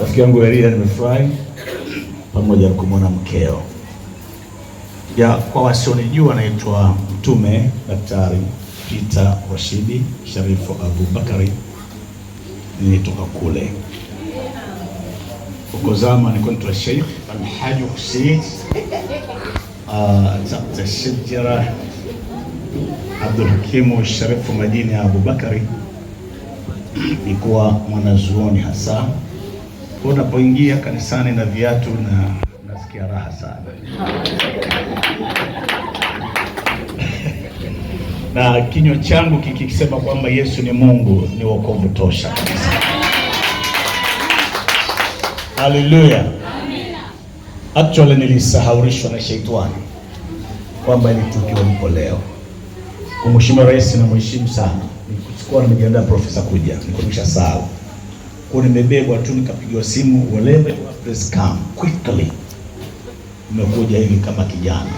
Rafiki yangu Elia nimefurahi pamoja na kumwona mkeo. Ya kwa wasionijua, naitwa Mtume Daktari Peter Rashidi Sharifu Abubakari, nilitoka kule huko zama, nilikuwa naitwa Sheikh Alhaji Hussein Zashijira uh, Abdulhakimu Sharifu majini ya Abubakari, nikuwa mwanazuoni hasa unapoingia kanisani na viatu na nasikia raha sana na kinywa changu kikisema kwamba Yesu ni Mungu ni wokovu tosha. Haleluya! Actually nilisahaurishwa na shetani kwamba ni mko lipo leo. Mheshimiwa Rais, na mheshimu sana, nikuchukua nimejiandaa profesa kuja, nikunisha sahau kwa nimebebwa tu nikapigiwa simu, wherever you are, please come quickly. Umekuja hivi kama kijana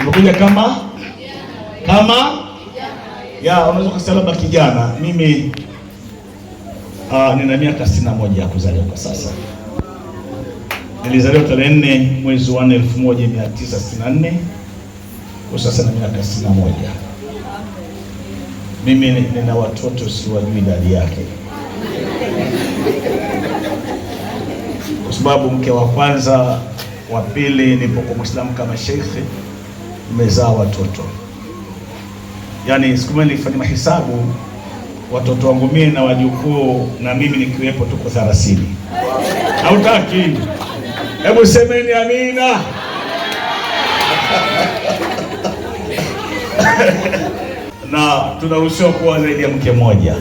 umekuja kama kama ya unaweza kusema labda kijana. Mimi uh, nina miaka sitini na moja ya kuzaliwa kwa sasa. Nilizaliwa tarehe nne mwezi wa nne elfu moja mia tisa sitini na nne kwa sasa na miaka sitini na moja. Mimi nina watoto siwajui idadi yake, kwa sababu mke wa kwanza wa pili nipo kwa Muislamu kama sheikhi, nimezaa watoto yani siku moja nilifanya mahesabu watoto wangu mimi na wajukuu na mimi nikiwepo, tuko 30. Hautaki? Hebu semeni amina. tunaruhusiwa kuwa zaidi ya mke mmoja.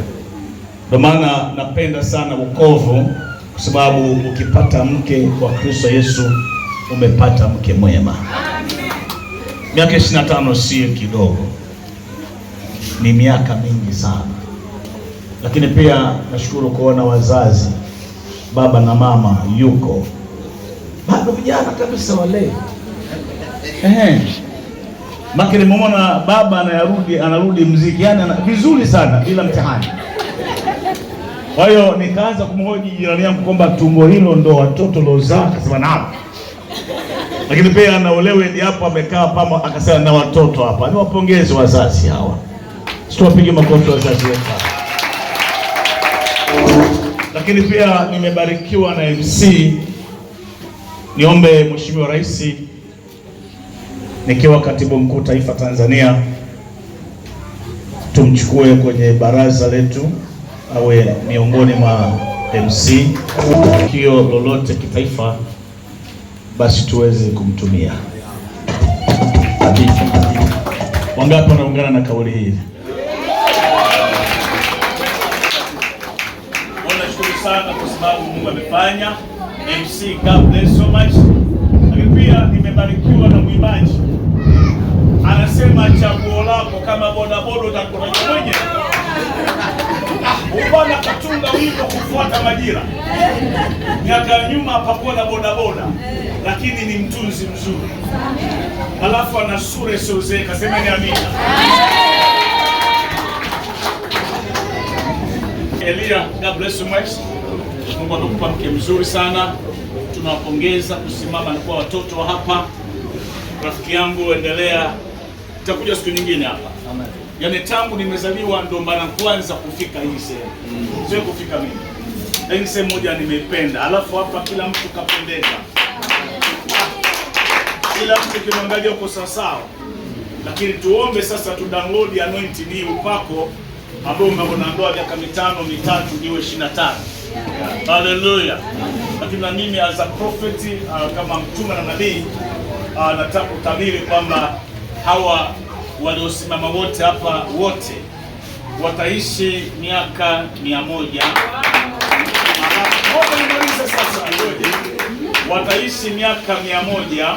Ndio maana napenda sana wokovu, kwa sababu ukipata mke kwa Kristo Yesu umepata mke mwema. Miaka ishirini na tano sio kidogo, ni miaka mingi sana, lakini pia nashukuru kuona wazazi, baba na mama yuko bado vijana kabisa wale, ehe Maki nimemwona baba anayarudi anarudi mziki yani ana, vizuri sana bila mtihani. Kwa hiyo nikaanza kumhoji jirani yangu kwamba tumbo hilo ndo watoto lozaa, akasema nao. Lakini pia anaolewe ndi hapo amekaa pama, akasema na watoto hapa. Ni wapongezi wazazi hawa, situwapige makofi wazazi wetu. Lakini pia nimebarikiwa na MC, niombe mheshimiwa rais nikiwa katibu mkuu taifa Tanzania, tumchukue kwenye baraza letu awe miongoni mwa MC kio lolote kitaifa, basi tuweze kumtumia. Wangapi wanaungana na kauli hii? Nashukuru sana kwa sababu Mungu amefanya. MC, God bless so much. Lakini pia nimebarikiwa uimbaji, anasema chaguo lako. Kama bodaboda utakunaja mwenye ah, ubana kutunga wimbo kufuata majira. Miaka ya nyuma hapakuwa na bodaboda, lakini ni mtunzi mzuri, alafu ana sura isiyozeeka. Semeni amina. Elia, God bless you much. Mungu anakupa mke mzuri sana. Tunawapongeza kusimama na kuwa watoto hapa rafiki yangu, endelea, nitakuja siku nyingine hapa. Yaani tangu nimezaliwa ndo mara kwanza kufika hii sehemu, mm. sio kufika mimi, lakini sehemu moja nimeipenda, alafu hapa kila mtu kapendeza, kila mtu kimwangalia uko sawasawa. Lakini tuombe sasa, tu download anointing hii, upako ambao ndoa miaka mitano mitatu niwe 25. Hallelujah. tano. Lakini na mimi as a prophet, uh, kama mtume na nabii uh, ah, utabiri kwamba hawa waliosimama wote hapa wote wataishi miaka mia moja sasa wataishi miaka mia moja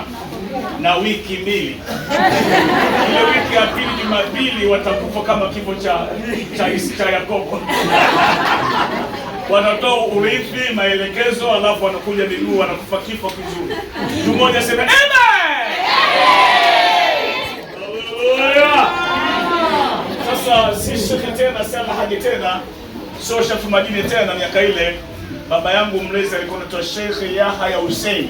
na wiki mbili. Ile wiki ya pili Jumapili watakufa kama kifo cha cha, cha Yakobo wanatoa urithi maelekezo, alafu wanakuja miguu, wanakufa kifo kizuri. Mmoja sema amen. si sishuke tena, si sialahage tena, sosha tumadini tena. Miaka ile baba yangu mlezi alikuwa anaitwa Sheikh Yahya Hussein,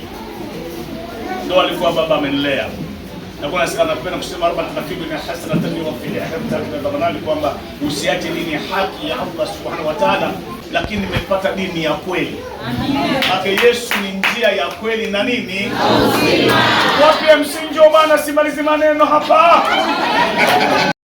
ndo alikuwa baba amenilea na kuna napenda kusema tani wa fili hasanataaaaali kwamba usiache dini ya haki ya Allah subhanahu wa ta'ala, lakini nimepata dini ya kweli ake Yesu ni njia ya kweli na nini wapi msingi. Ndio maana simalizi maneno hapa.